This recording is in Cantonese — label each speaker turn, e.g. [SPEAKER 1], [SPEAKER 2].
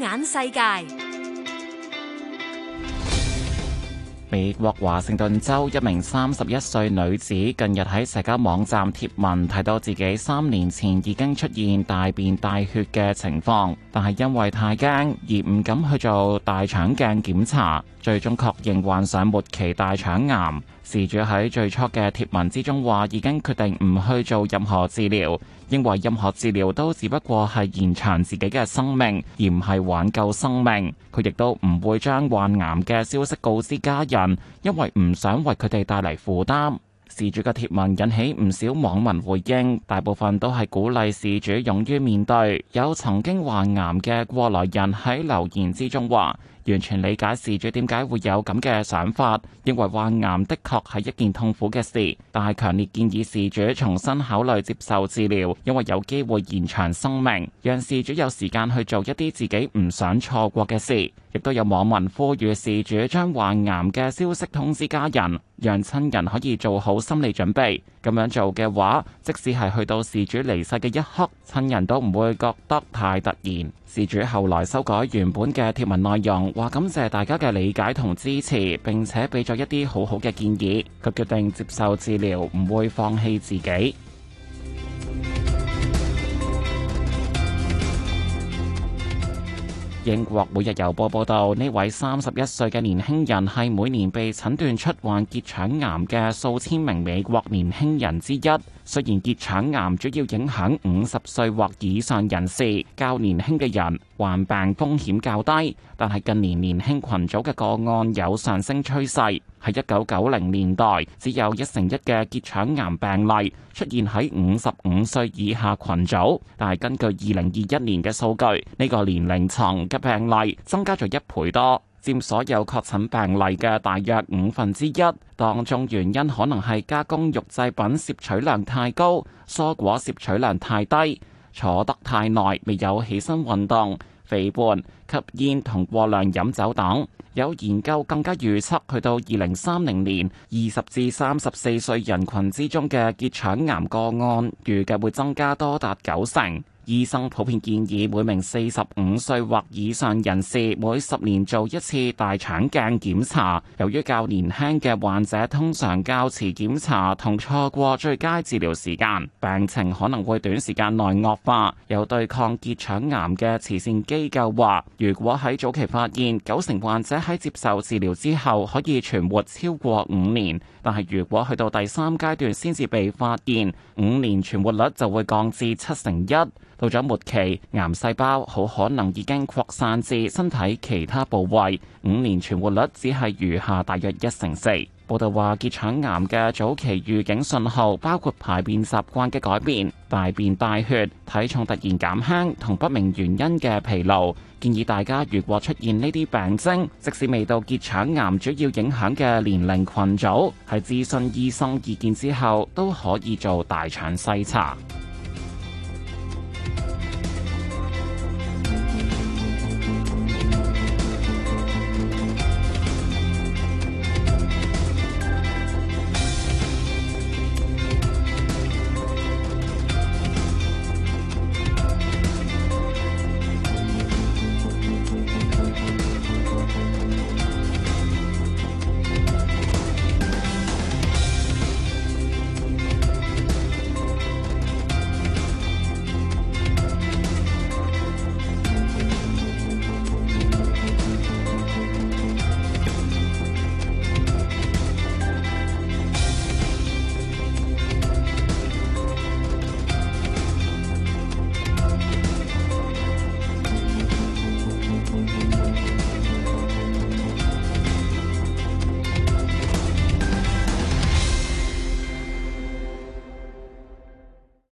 [SPEAKER 1] 眼世界。美國華盛頓州一名三十一歲女子近日喺社交網站貼文，提到自己三年前已經出現大便帶血嘅情況，但係因為太驚而唔敢去做大腸鏡檢查，最終確認患上末期大腸癌。事主喺最初嘅貼文之中話，已經決定唔去做任何治療，認為任何治療都只不過係延長自己嘅生命，而唔係挽救生命。佢亦都唔會將患癌嘅消息告知家人。因為唔想為佢哋帶嚟負擔，事主嘅貼文引起唔少網民回應，大部分都係鼓勵事主勇於面對。有曾經患癌嘅過來人喺留言之中話，完全理解事主點解會有咁嘅想法，認為患癌的確係一件痛苦嘅事，但係強烈建議事主重新考慮接受治療，因為有機會延長生命，讓事主有時間去做一啲自己唔想錯過嘅事。亦都有網民呼籲事主將患癌嘅消息通知家人，讓親人可以做好心理準備。咁樣做嘅話，即使係去到事主離世嘅一刻，親人都唔會覺得太突然。事主後來修改原本嘅貼文內容，話感謝大家嘅理解同支持，並且俾咗一啲好好嘅建議。佢決定接受治療，唔會放棄自己。英國每日郵報報道，呢位三十一歲嘅年輕人係每年被診斷出患結腸癌嘅數千名美國年輕人之一。雖然結腸癌主要影響五十歲或以上人士，較年輕嘅人，患病風險較低，但係近年年輕群組嘅個案有上升趨勢。喺一九九零年代，只有一成一嘅結腸癌病例出現喺五十五歲以下群組，但係根據二零二一年嘅數據，呢個年齡層嘅病例增加咗一倍多，佔所有確診病例嘅大約五分之一。當中原因可能係加工肉製品攝取量太高，蔬果攝取量太低，坐得太耐未有起身運動，肥胖、吸煙同過量飲酒等，有研究更加預測，去到二零三零年，二十至三十四歲人群之中嘅結腸癌個案，預計會增加多達九成。醫生普遍建議每名四十五歲或以上人士每十年做一次大腸鏡檢查。由於較年輕嘅患者通常較遲檢查同錯過最佳治療時間，病情可能會短時間內惡化。有對抗結腸癌嘅慈善機構話，如果喺早期發現，九成患者喺接受治療之後可以存活超過五年。但係如果去到第三階段先至被發現，五年存活率就會降至七成一。到咗末期，癌細胞好可能已經擴散至身體其他部位，五年存活率只係餘下大約一成四。報道話結腸癌嘅早期預警信號包括排便習，習慣嘅改變，大便帶血、體重突然減輕同不明原因嘅疲勞，建議大家如果出現呢啲病徵，即使未到結腸癌主要影響嘅年齡群組，喺諮詢醫生意見之後，都可以做大腸篩查。